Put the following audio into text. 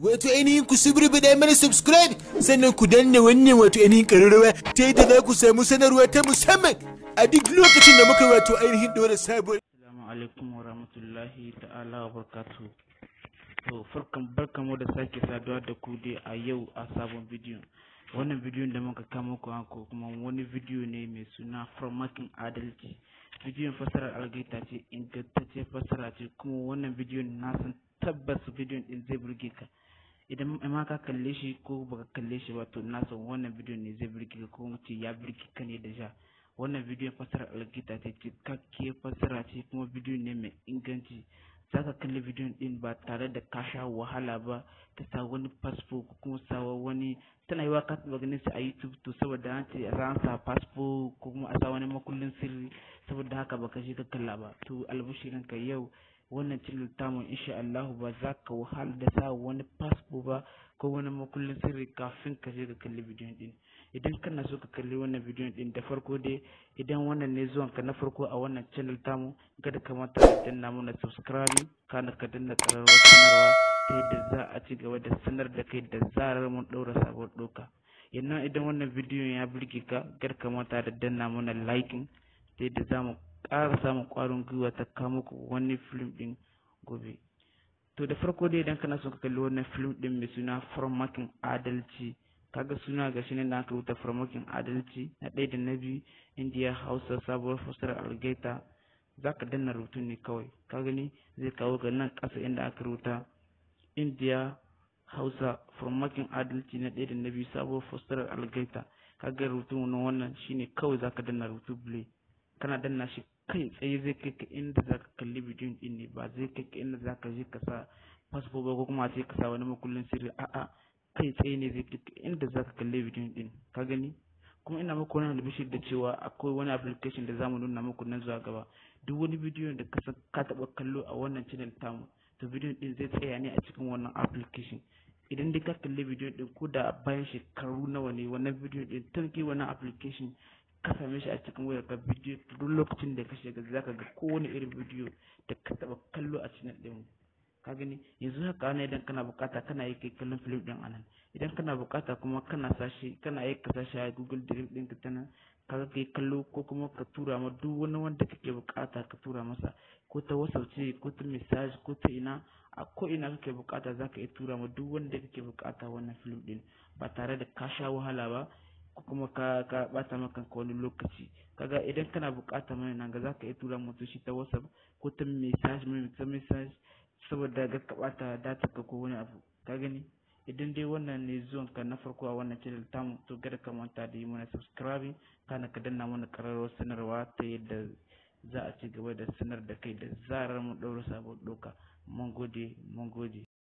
wato ainihin ku dai mana subscribe sannan ku danna wannan wato ainihin ƙararrawa ta yadda za ku samu sanarwa ta musamman a duk lokacin da muka wato ainihin ɗora sabuwar. Assalamu alaikum wa rahmatullahi ta'ala wa barkatu. To farkan barkamu da sake saduwa da ku dai a yau a sabon bidiyon. Wannan bidiyon da muka kama ku ko kuma wani bidiyo ne mai suna Farmakin Adalci. Bidiyon fasarar algaita ce ingantacce fasara ce kuma wannan bidiyon na san tabbas bidiyon din zai burge ka idan ma ka kalle shi ko baka kalle shi ba to na san wannan bidiyon ne zai burge ka ko mace ya burge ka ne da ja wannan bidiyon fasara alkita ta cikakke fasara ce kuma bidiyo ne mai inganci za ka kalli bidiyon din ba tare da ka sha wahala ba ta sa wani fasfo ko kuma sawa wani tana yi wa ka ba ganin su a youtube to saboda an ce a sa fasfo ko kuma a sa wani makullin sirri saboda haka baka shi ka kalla ba to ka yau wannan cikin littafin insha Allah ba za ka wahala da sa wani fasfo ba ko wani makullin sirri kafin ka je ka kalli bidiyon din idan kana so ka kalli wannan bidiyon din da farko dai idan wannan ne zuwan ka na farko a wannan channel tamu kada ka mata da danna mana subscribe kana ka danna kararrawar sanarwa ta yadda za a ci gaba da sanar da kai da zarar mun ɗaura sabon doka. yannan idan wannan bidiyon ya burge ka kada ka mata da danna mana liking ta yadda za mu ƙara samun ƙwarin gwiwa ta kamo ku wani film ɗin gobe to da farko dai idan kana son ka kalli wannan film ɗin mai suna farmakin adalci kaga suna ga shi ne na aka wuta farmakin adalci na ɗaya da na biyu indiya hausa sabuwar fasar algaita za ka danna rubutu ne kawai ka gani zai kawo ga nan ƙasa inda aka rubuta indiya hausa farmakin adalci na ɗaya da na biyu sabuwar fasar algaita kaga wani wannan shine kawai za ka danna rubutu bule. kana danna shi kai tsaye zai kai ka inda za ka kalli bidiyon ɗin ne ba zai kai ka inda za ka je ka sa fasfo ba ko kuma sai ka sa wani makullin sirri a'a kai tsaye ne zai kai ka inda za ka kalli bidiyon ɗin ka gani kuma ina muku wani albishir da cewa akwai wani application da zamu nuna muku nan zuwa gaba duk wani bidiyo da ka ka taba kallo a wannan channel tamu to bidiyo ɗin zai tsaya ne a cikin wannan application idan dai ka kalli bidiyo ɗin ko da bayan shekaru nawa ne wannan bidiyo ɗin tanki wannan application ka same shi a cikin wayar ka bidiyo duk lokacin da ka shiga zaka ga kowane irin bidiyo da ka taba kallo a cikin ɗin ka gani yanzu haka ana idan kana bukata kana yi kai kallon film ɗin anan idan kana bukata kuma kana sashi kana ka sashi a Google Drive ɗin ka tana ga kai kallo ko kuma ka tura ma duk wani wanda kake bukata ka tura masa ko ta WhatsApp ce ko ta message ko ta ina a ko ina kake bukata zaka iya tura ma duk wanda kake bukata wannan film ɗin ba tare da ka sha wahala ba kuma ka ka bata maka wani lokaci kaga idan kana bukata mai nan ga zaka iya tura mutum shi ta whatsapp ko ta message mai ta message saboda ga ka bata data ka ko wani abu ka gani idan dai wannan ne zuwan ka na farko a wannan channel ta to gada ka manta da yi mana subscribe kana ka danna mana kararrawar sanarwa ta yadda za a ci gaba da sanar da kai da zarar mu ɗaura sabon doka mun gode mun gode